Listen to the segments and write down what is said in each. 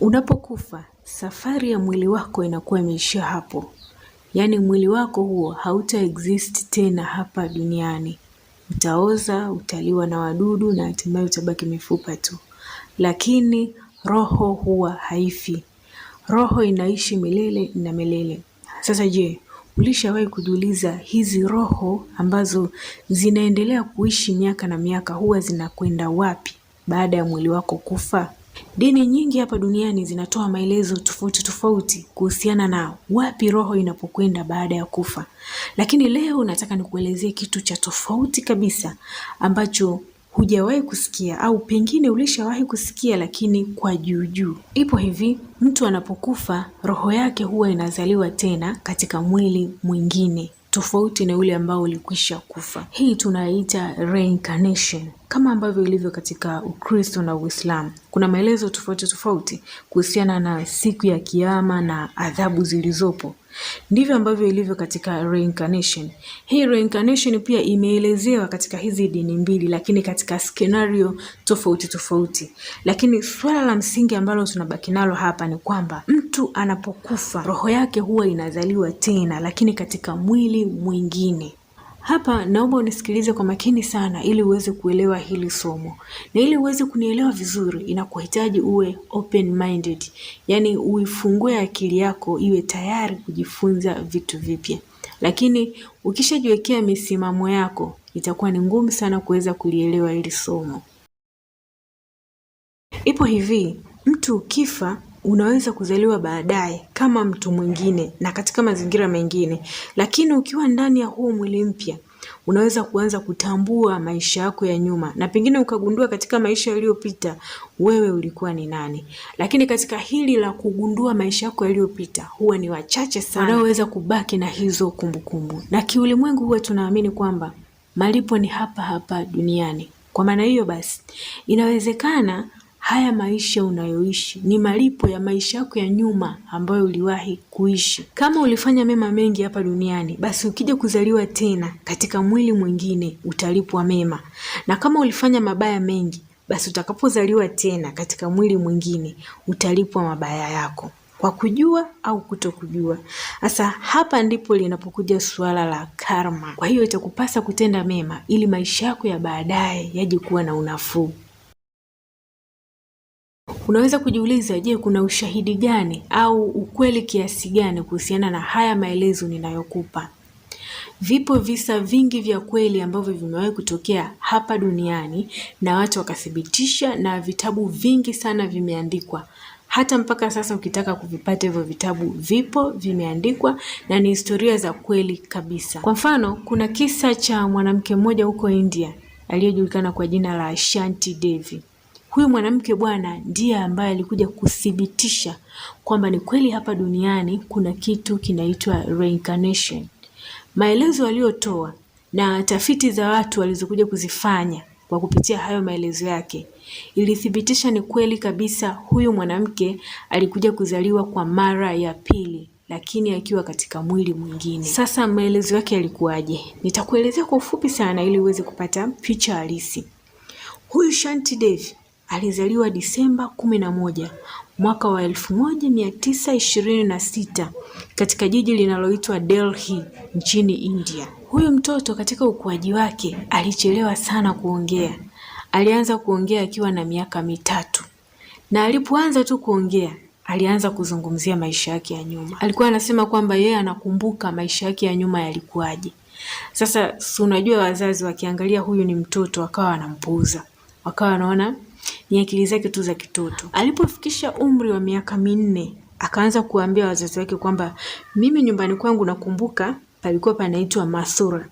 Unapokufa safari ya mwili wako inakuwa imeishia hapo, yaani mwili wako huo hauta exist tena hapa duniani. Utaoza, utaliwa na wadudu na hatimaye utabaki mifupa tu, lakini roho huwa haifi. Roho inaishi milele na milele. Sasa je, ulishawahi kujiuliza hizi roho ambazo zinaendelea kuishi miaka na miaka huwa zinakwenda wapi baada ya mwili wako kufa? Dini nyingi hapa duniani zinatoa maelezo tofauti tofauti kuhusiana na wapi roho inapokwenda baada ya kufa, lakini leo nataka nikuelezee kitu cha tofauti kabisa ambacho hujawahi kusikia au pengine ulishawahi kusikia lakini kwa juu juu Ipo hivi, mtu anapokufa roho yake huwa inazaliwa tena katika mwili mwingine tofauti na ule ambao ulikwisha kufa. Hii tunaita reincarnation kama ambavyo ilivyo katika Ukristo na Uislamu. Kuna maelezo tofauti tofauti kuhusiana na siku ya Kiama na adhabu zilizopo. Ndivyo ambavyo ilivyo katika reincarnation. Hii reincarnation pia imeelezewa katika hizi dini mbili, lakini katika scenario tofauti tofauti. Lakini swala la msingi ambalo tunabaki nalo hapa ni kwamba mtu anapokufa roho yake huwa inazaliwa tena, lakini katika mwili mwingine. Hapa naomba unisikilize kwa makini sana, ili uweze kuelewa hili somo, na ili uweze kunielewa vizuri, inakuhitaji uwe open minded, yaani uifungue akili yako iwe tayari kujifunza vitu vipya. Lakini ukishajiwekea misimamo yako, itakuwa ni ngumu sana kuweza kulielewa hili somo. Ipo hivi, mtu ukifa unaweza kuzaliwa baadaye kama mtu mwingine na katika mazingira mengine, lakini ukiwa ndani ya huo mwili mpya unaweza kuanza kutambua maisha yako ya nyuma na pengine ukagundua katika maisha yaliyopita wewe ulikuwa ni nani. Lakini katika hili la kugundua maisha yako yaliyopita, huwa ni wachache sana wanaoweza kubaki na hizo kumbukumbu kumbu. Na kiulimwengu huwa tunaamini kwamba malipo ni hapa hapa duniani. Kwa maana hiyo basi, inawezekana haya maisha unayoishi ni malipo ya maisha yako ya nyuma ambayo uliwahi kuishi. Kama ulifanya mema mengi hapa duniani, basi ukija kuzaliwa tena katika mwili mwingine utalipwa mema, na kama ulifanya mabaya mengi, basi utakapozaliwa tena katika mwili mwingine utalipwa mabaya yako kwa kujua au kutokujua. Sasa hapa ndipo linapokuja suala la karma. Kwa hiyo itakupasa kutenda mema ili maisha yako ya baadaye yaje kuwa na unafuu. Unaweza kujiuliza, je, kuna ushahidi gani au ukweli kiasi gani kuhusiana na haya maelezo ninayokupa? Vipo visa vingi vya kweli ambavyo vimewahi kutokea hapa duniani na watu wakathibitisha, na vitabu vingi sana vimeandikwa hata mpaka sasa ukitaka kuvipata hivyo vitabu vipo, vimeandikwa na ni historia za kweli kabisa. Kwa mfano, kuna kisa cha mwanamke mmoja huko India aliyejulikana kwa jina la Shanti Devi. Huyu mwanamke bwana ndiye ambaye alikuja kuthibitisha kwamba ni kweli hapa duniani kuna kitu kinaitwa reincarnation. Maelezo aliyotoa na tafiti za watu walizokuja kuzifanya kwa kupitia hayo maelezo yake ilithibitisha ni kweli kabisa, huyu mwanamke alikuja kuzaliwa kwa mara ya pili, lakini akiwa katika mwili mwingine. Sasa maelezo yake yalikuwaje? Nitakuelezea kwa ufupi sana ili uweze kupata picha halisi. Huyu Shanti dev Alizaliwa Disemba kumi na moja mwaka wa elfu moja mia tisa ishirini na sita katika jiji linaloitwa Delhi nchini India. Huyu mtoto katika ukuaji wake alichelewa sana kuongea. Alianza kuongea akiwa na miaka mitatu, na alipoanza tu kuongea alianza kuzungumzia maisha yake ya nyuma. Alikuwa anasema kwamba yeye anakumbuka maisha yake ya nyuma yalikuwaje. Sasa si unajua, wazazi wakiangalia huyu ni mtoto, wakawa wanampuuza, wakawa wanaona ni akili zake tu za kitoto. Alipofikisha umri wa miaka minne, akaanza kuambia wazazi wake kwamba mimi nyumbani kwangu nakumbuka palikuwa panaitwa Masura,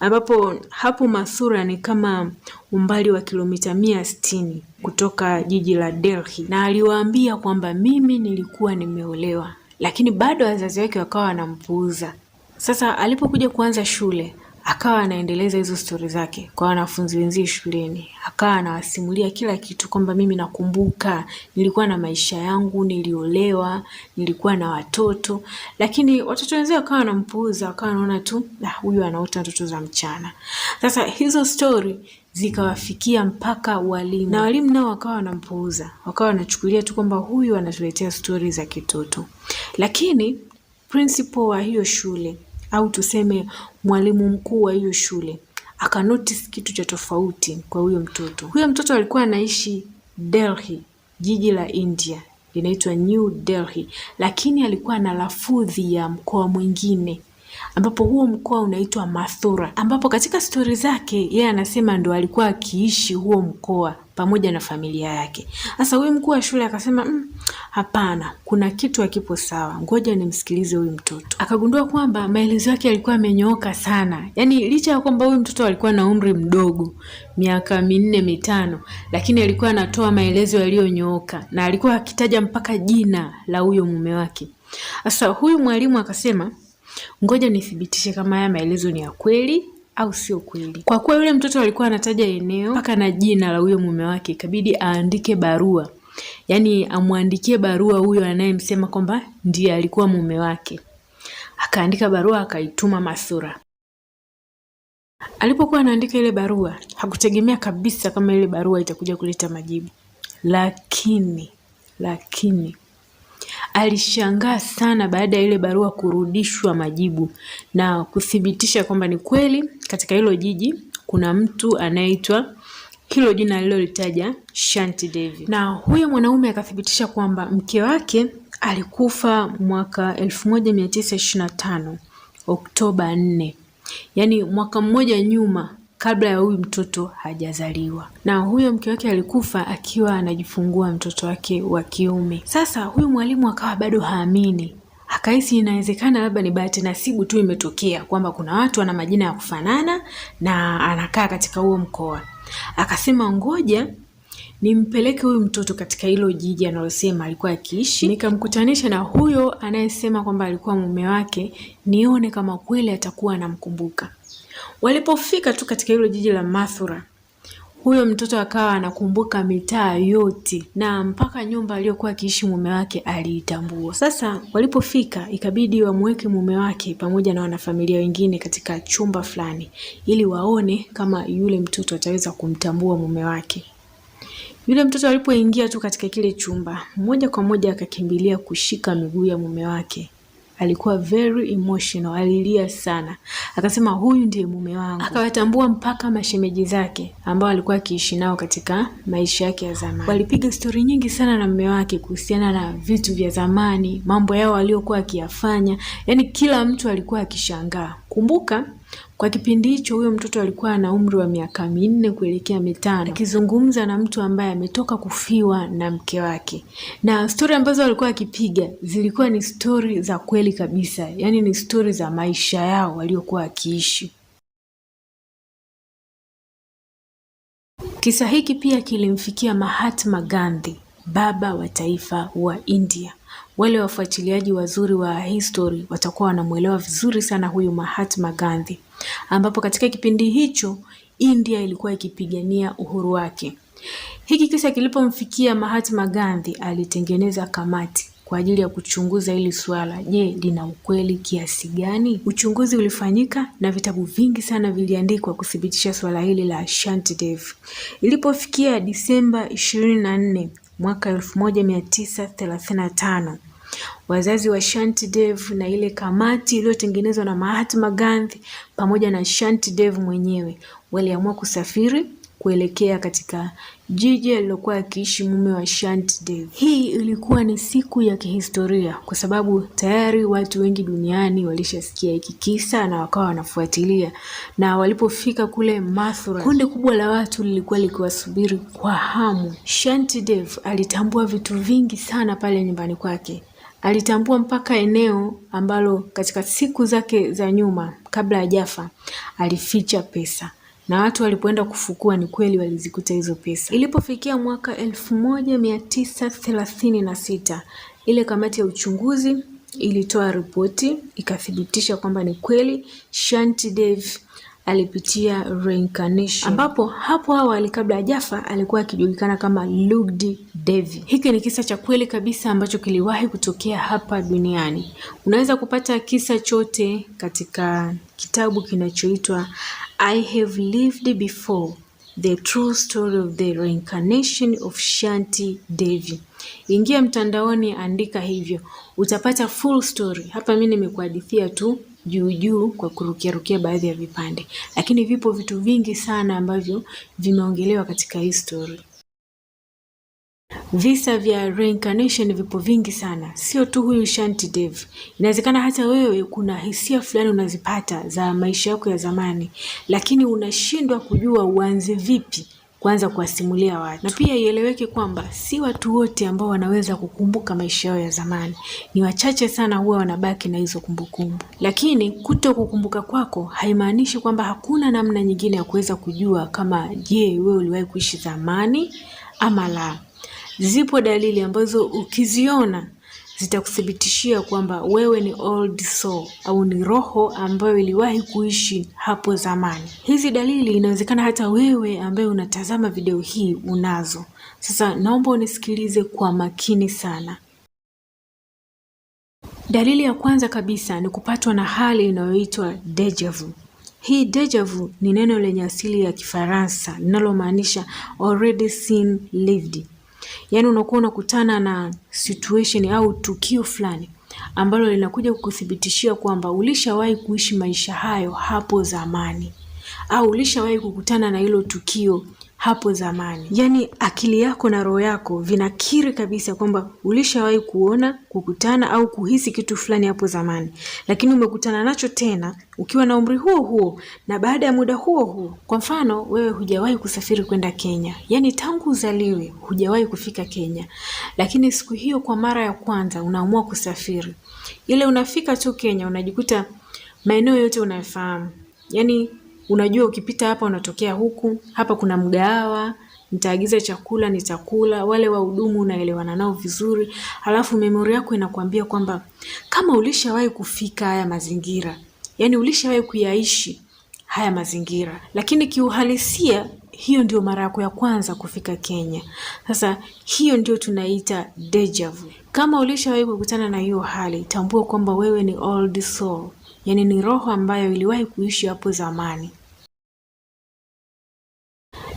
ambapo hapo Masura ni kama umbali wa kilomita mia sitini kutoka jiji la Delhi, na aliwaambia kwamba mimi nilikuwa nimeolewa, lakini bado wazazi wake wakawa wanampuuza. Sasa alipokuja kuanza shule akawa anaendeleza hizo stori zake kwa wanafunzi wenzie shuleni, akawa anawasimulia kila kitu kwamba mimi nakumbuka nilikuwa na maisha yangu, niliolewa, nilikuwa na watoto. Lakini watoto wenzie wakawa wanampuuza, wakawa wanaona tu ah, huyu anaota ndoto za mchana. Sasa hizo stori zikawafikia mpaka walimu, na walimu nao wakawa wanampuuza, wakawa wanachukulia tu kwamba huyu anatuletea stori za kitoto. Lakini principal wa hiyo shule au tuseme mwalimu mkuu wa hiyo shule notice kitu cha tofauti kwa huyo mtoto. Huyo mtoto alikuwa anaishi Delhi, jiji la India linaitwa New Delhi, lakini alikuwa na lafudhi ya mkoa mwingine ambapo huo mkoa unaitwa Mathura, ambapo katika stori zake yeye anasema ndo alikuwa akiishi huo mkoa pamoja na familia yake. Sasa huyu mkuu wa shule akasema mm, hapana, kuna kitu hakipo sawa, ngoja nimsikilize huyu mtoto. Akagundua kwamba maelezo yake yalikuwa yamenyooka sana, yaani licha ya kwamba huyu mtoto alikuwa na umri mdogo, miaka minne mitano, lakini alikuwa anatoa maelezo yaliyonyooka na alikuwa akitaja mpaka jina la huyo mume wake. Sasa huyu mwalimu akasema, ngoja nithibitishe kama haya maelezo ni ya kweli au sio kweli? Kwa kuwa yule mtoto alikuwa anataja eneo mpaka na jina la huyo mume wake, ikabidi aandike barua, yaani amwandikie barua huyo anayemsema kwamba ndiye alikuwa mume wake. Akaandika barua akaituma Masura. Alipokuwa anaandika ile barua, hakutegemea kabisa kama ile barua itakuja kuleta majibu, lakini lakini Alishangaa sana baada ya ile barua kurudishwa majibu na kuthibitisha kwamba ni kweli katika hilo jiji kuna mtu anayeitwa hilo jina alilolitaja Shanti Devi. Na huyo mwanaume akathibitisha kwamba mke wake alikufa mwaka 1925 Oktoba 4, yaani mwaka mmoja nyuma kabla ya huyu mtoto hajazaliwa, na huyo mke wake alikufa akiwa anajifungua mtoto wake wa kiume. Sasa huyu mwalimu akawa bado haamini akahisi inawezekana labda ni bahati nasibu tu imetokea kwamba kuna watu wana majina ya kufanana na anakaa katika huo mkoa. Akasema ngoja nimpeleke huyu mtoto katika hilo jiji analosema alikuwa akiishi, nikamkutanisha na huyo anayesema kwamba alikuwa mume wake, nione kama kweli atakuwa anamkumbuka. Walipofika tu katika hilo jiji la Mathura, huyo mtoto akawa anakumbuka mitaa yote na mpaka nyumba aliyokuwa akiishi mume wake aliitambua. Sasa walipofika, ikabidi wamweke mume wake pamoja na wanafamilia wengine katika chumba fulani, ili waone kama yule mtoto ataweza kumtambua mume wake. Yule mtoto alipoingia tu katika kile chumba, moja kwa moja akakimbilia kushika miguu ya mume wake alikuwa very emotional, alilia sana, akasema huyu ndiye mume wangu. Akawatambua mpaka mashemeji zake ambao alikuwa akiishi nao katika maisha yake ya zamani. Walipiga stori nyingi sana na mume wake kuhusiana na vitu vya zamani, mambo yao waliokuwa akiyafanya, yaani kila mtu alikuwa akishangaa. Kumbuka kwa kipindi hicho huyo mtoto alikuwa ana umri wa miaka minne kuelekea mitano, akizungumza na mtu ambaye ametoka kufiwa na mke wake, na stori ambazo walikuwa wakipiga zilikuwa ni stori za kweli kabisa, yaani ni stori za maisha yao waliokuwa wakiishi. Kisa hiki pia kilimfikia Mahatma Gandhi, baba wa taifa wa India. Wale wafuatiliaji wazuri wa history watakuwa wanamwelewa vizuri sana huyu Mahatma Gandhi ambapo katika kipindi hicho India ilikuwa ikipigania uhuru wake. Hiki kisa kilipomfikia Mahatma Gandhi, alitengeneza kamati kwa ajili ya kuchunguza hili swala Je, lina ukweli kiasi gani? Uchunguzi ulifanyika na vitabu vingi sana viliandikwa kuthibitisha swala hili la Ashanti Dev. Ilipofikia Disemba 24 mwaka tano Wazazi wa Shanti Dev na ile kamati iliyotengenezwa na Mahatma Gandhi pamoja na Shanti Dev mwenyewe waliamua kusafiri kuelekea katika jiji alilokuwa akiishi mume wa Shanti Dev. Hii ilikuwa ni siku ya kihistoria kwa sababu tayari watu wengi duniani walishasikia hiki kisa na wakawa wanafuatilia, na walipofika kule Mathura, kundi kubwa la watu lilikuwa likiwasubiri kwa hamu. Shanti Dev alitambua vitu vingi sana pale nyumbani kwake Alitambua mpaka eneo ambalo katika siku zake za nyuma kabla ya jafa alificha pesa na watu walipoenda kufukua ni kweli walizikuta hizo pesa. Ilipofikia mwaka elfu moja mia tisa thelathini na sita ile kamati ya uchunguzi ilitoa ripoti ikathibitisha kwamba ni kweli Shanti Dave alipitia reincarnation, ambapo hapo awali kabla jafa alikuwa akijulikana kama Lugdi Devi. Hiki ni kisa cha kweli kabisa ambacho kiliwahi kutokea hapa duniani. Unaweza kupata kisa chote katika kitabu kinachoitwa I Have Lived Before The True Story of the Reincarnation of Shanti Devi. Ingia mtandaoni, andika hivyo, utapata full story. Hapa mimi nimekuhadithia tu juu juu kwa kurukiarukia baadhi ya vipande, lakini vipo vitu vingi sana ambavyo vimeongelewa katika hii story. Visa vya reincarnation vipo vingi sana, sio tu huyu Shanti Dev. Inawezekana hata wewe kuna hisia fulani unazipata za maisha yako ya zamani, lakini unashindwa kujua uanze vipi kuanza kuwasimulia watu, na pia ieleweke kwamba si watu wote ambao wanaweza kukumbuka maisha yao ya zamani. Ni wachache sana huwa wanabaki na hizo kumbukumbu, lakini kuto kukumbuka kwako haimaanishi kwamba hakuna namna nyingine ya kuweza kujua kama je, wewe uliwahi kuishi zamani ama la. Zipo dalili ambazo ukiziona zitakuthibitishia kwamba wewe ni old soul au ni roho ambayo iliwahi kuishi hapo zamani. Hizi dalili inawezekana hata wewe ambaye unatazama video hii unazo. Sasa naomba unisikilize kwa makini sana. Dalili ya kwanza kabisa ni kupatwa na hali inayoitwa deja vu. Hii deja vu ni neno lenye asili ya Kifaransa linalomaanisha already seen lived Yaani unakuwa unakutana na situation au tukio fulani ambalo linakuja kukuthibitishia kwamba ulishawahi kuishi maisha hayo hapo zamani au ulishawahi kukutana na hilo tukio hapo zamani. Yaani akili yako na roho yako vinakiri kabisa kwamba ulishawahi kuona, kukutana au kuhisi kitu fulani hapo zamani, lakini umekutana nacho tena ukiwa na umri huo huo na baada ya muda huo huo. Kwa mfano, wewe hujawahi kusafiri kwenda Kenya, yaani tangu uzaliwe hujawahi kufika Kenya, lakini siku hiyo kwa mara ya kwanza unaamua kusafiri. Ile unafika tu Kenya unajikuta maeneo yote unayofahamu yaani unajua ukipita hapa unatokea huku, hapa kuna mgahawa, nitaagiza chakula nitakula. Wale wahudumu unaelewana nao vizuri, halafu memori yako inakuambia kwamba kama ulishawahi kufika haya mazingira, yani ulishawahi kuyaishi haya mazingira, lakini kiuhalisia hiyo ndio mara yako ya kwanza kufika Kenya. Sasa hiyo ndio tunaita deja vu. Kama ulishawahi kukutana na hiyo hali, tambua kwamba wewe ni old soul yaani ni roho ambayo iliwahi kuishi hapo zamani.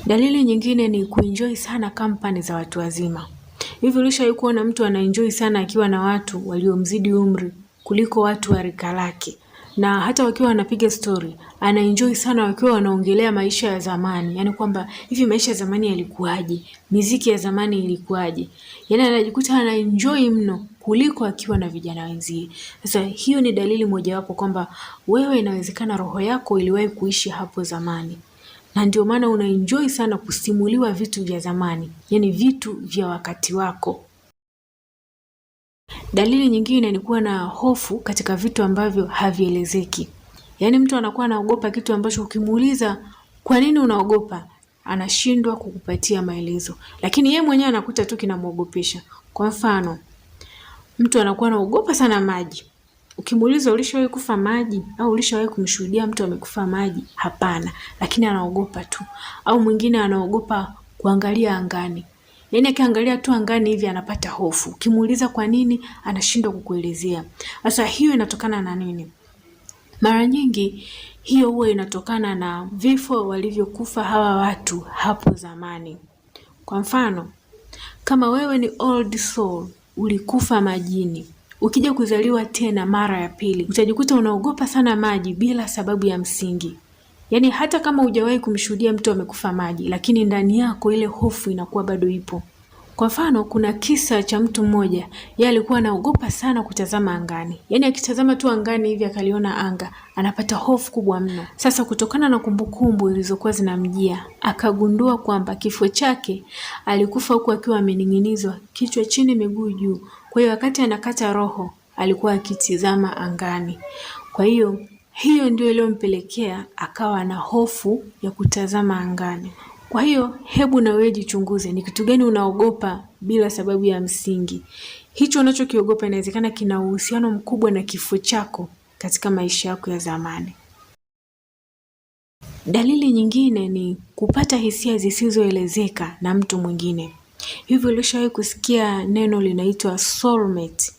Dalili nyingine ni kuenjoy sana kampani za watu wazima. Hivi ulishawahi kuona mtu anaenjoy sana akiwa na watu waliomzidi umri kuliko watu wa rika lake, na hata wakiwa wanapiga stori anaenjoy sana wakiwa wanaongelea maisha ya zamani, yaani kwamba hivi maisha ya zamani yalikuwaje, miziki ya zamani ilikuwaje, yaani anajikuta anaenjoy mno kuliko akiwa na vijana wenzie. Sasa hiyo ni dalili mojawapo kwamba wewe inawezekana roho yako iliwahi kuishi hapo zamani, na ndio maana unaenjoy sana kusimuliwa vitu vya zamani, yani vitu vya wakati wako. Dalili nyingine ni kuwa na hofu katika vitu ambavyo havielezeki, yaani mtu anakuwa anaogopa kitu ambacho ukimuuliza kwa nini unaogopa, anashindwa kukupatia maelezo, lakini yeye mwenyewe anakuta tu kinamwogopesha. Kwa mfano, mtu anakuwa anaogopa sana maji. Ukimuuliza ulishawahi kufa maji au ulishawahi kumshuhudia mtu amekufa maji? Hapana, lakini anaogopa tu. Au mwingine anaogopa kuangalia angani, yaani akiangalia tu angani hivi anapata hofu. Ukimuuliza kwa nini, anashindwa kukuelezea. Sasa hiyo inatokana na nini? Mara nyingi hiyo huwa inatokana na vifo walivyokufa hawa watu hapo zamani. Kwa mfano, kama wewe ni old soul ulikufa majini. Ukija kuzaliwa tena mara ya pili, utajikuta unaogopa sana maji bila sababu ya msingi. Yaani hata kama hujawahi kumshuhudia mtu amekufa maji, lakini ndani yako ile hofu inakuwa bado ipo. Kwa mfano, kuna kisa cha mtu mmoja, yeye alikuwa anaogopa sana kutazama angani, yaani akitazama tu angani hivi akaliona anga anapata hofu kubwa mno. Sasa kutokana na kumbukumbu zilizokuwa zinamjia, akagundua kwamba kifo chake alikufa huku akiwa amening'inizwa kichwa chini, miguu juu. Kwa hiyo wakati anakata roho alikuwa akitizama angani. Kwa hiyo hiyo ndio iliyompelekea akawa na hofu ya kutazama angani. Kwa hiyo hebu na wewe jichunguze, ni kitu gani unaogopa bila sababu ya msingi? Hicho unachokiogopa inawezekana kina uhusiano mkubwa na kifo chako katika maisha yako ya zamani. Dalili nyingine ni kupata hisia zisizoelezeka na mtu mwingine. Hivyo ulishawahi kusikia neno linaitwa soulmate?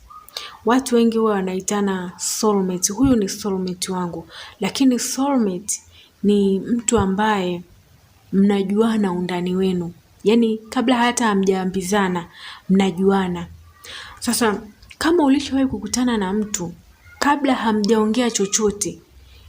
Watu wengi huwa wanaitana soulmate, huyu ni soulmate wangu. Lakini soulmate ni mtu ambaye mnajuana undani wenu, yaani kabla hata hamjaambizana mnajuana. Sasa kama ulishawahi kukutana na mtu kabla hamjaongea chochote,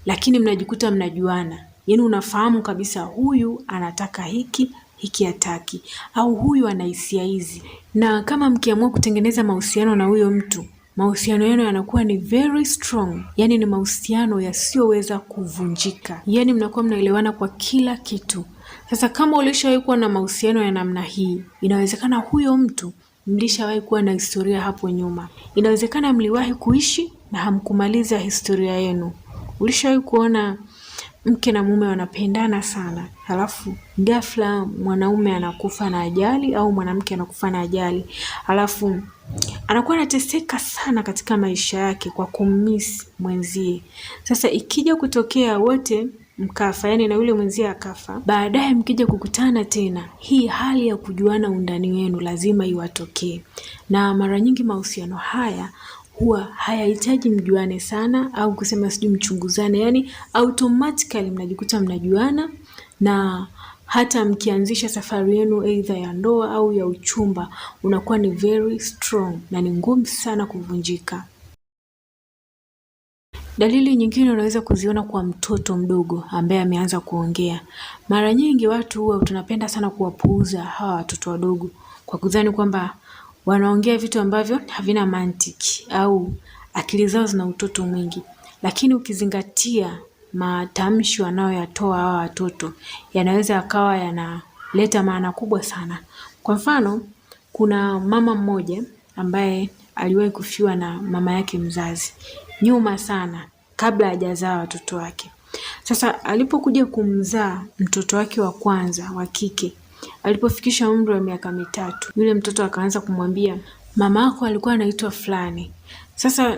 lakini mnajikuta mnajuana, yaani unafahamu kabisa huyu anataka hiki hiki hataki, au huyu ana hisia hizi. Na kama mkiamua kutengeneza mahusiano na huyo mtu, mahusiano yenu yanakuwa ni very strong, yaani ni mahusiano yasiyoweza kuvunjika, yaani mnakuwa mnaelewana kwa kila kitu. Sasa kama ulishawahi kuwa na mahusiano ya namna hii, inawezekana huyo mtu mlishawahi kuwa na historia hapo nyuma. Inawezekana mliwahi kuishi na hamkumaliza historia yenu. Ulishawahi kuona mke na mume wanapendana sana, halafu ghafla mwanaume anakufa na ajali au mwanamke anakufa na ajali, halafu anakuwa anateseka sana katika maisha yake kwa kummisi mwenzie. Sasa ikija kutokea wote mkafa, yani na yule mwenzie akafa, baadaye mkija kukutana tena, hii hali ya kujuana undani wenu lazima iwatokee, na mara nyingi mahusiano haya huwa hayahitaji mjuane sana, au kusema sijui mchunguzane, yani automatically mnajikuta mnajuana na hata mkianzisha safari yenu aidha ya ndoa au ya uchumba, unakuwa ni very strong na ni ngumu sana kuvunjika. Dalili nyingine unaweza kuziona kwa mtoto mdogo ambaye ameanza kuongea. Mara nyingi watu huwa tunapenda sana kuwapuuza hawa watoto wadogo kwa kudhani kwamba wanaongea vitu ambavyo havina mantiki au akili zao zina utoto mwingi, lakini ukizingatia matamshi wanayoyatoa hawa watoto yanaweza yakawa yanaleta maana kubwa sana. Kwa mfano, kuna mama mmoja ambaye aliwahi kufiwa na mama yake mzazi nyuma sana kabla hajazaa watoto wake. Sasa alipokuja kumzaa mtoto wake wa kwanza wa kike, alipofikisha umri wa miaka mitatu, yule mtoto akaanza kumwambia mama mamako alikuwa anaitwa fulani. Sasa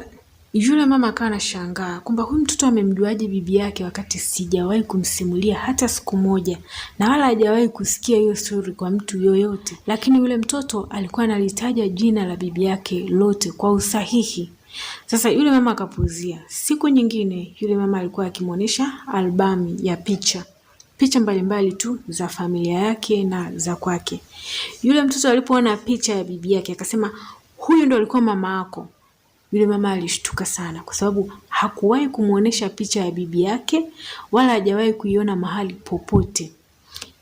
yule mama akawa anashangaa kwamba huyu mtoto amemjuaje bibi yake wakati sijawahi kumsimulia hata siku moja, na wala hajawahi kusikia hiyo stori kwa mtu yoyote. Lakini yule mtoto alikuwa analitaja jina la bibi yake lote kwa usahihi. Sasa yule mama akapuzia. Siku nyingine yule mama alikuwa akimwonyesha albamu ya picha picha mbalimbali tu za familia yake na za kwake. Yule mtoto alipoona picha ya bibi yake akasema, huyu ndo alikuwa mama yako. Yule mama alishtuka sana, kwa sababu hakuwahi kumwonyesha picha ya bibi yake wala hajawahi kuiona mahali popote.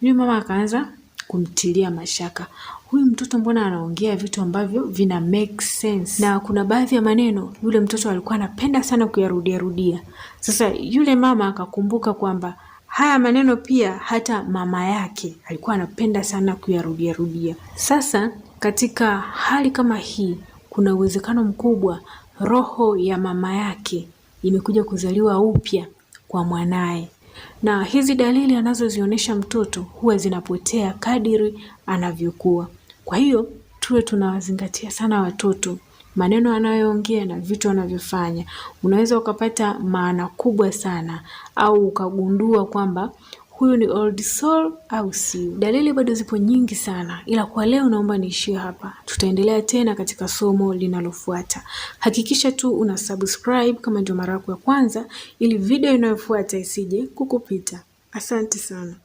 Yule mama akaanza kumtilia mashaka, huyu mtoto mbona anaongea vitu ambavyo vina make sense, na kuna baadhi ya maneno yule mtoto alikuwa anapenda sana kuyarudiarudia. Sasa yule mama akakumbuka kwamba haya maneno pia hata mama yake alikuwa anapenda sana kuyarudiarudia. Sasa katika hali kama hii, kuna uwezekano mkubwa roho ya mama yake imekuja kuzaliwa upya kwa mwanaye na hizi dalili anazozionyesha mtoto huwa zinapotea kadiri anavyokuwa. Kwa hiyo tuwe tunawazingatia sana watoto, maneno anayoongea na vitu anavyofanya Unaweza ukapata maana kubwa sana au ukagundua kwamba huyu ni old soul au si. Dalili bado zipo nyingi sana, ila kwa leo naomba niishie hapa. Tutaendelea tena katika somo linalofuata. Hakikisha tu una subscribe kama ndio mara yako ya kwanza, ili video inayofuata isije kukupita. Asante sana.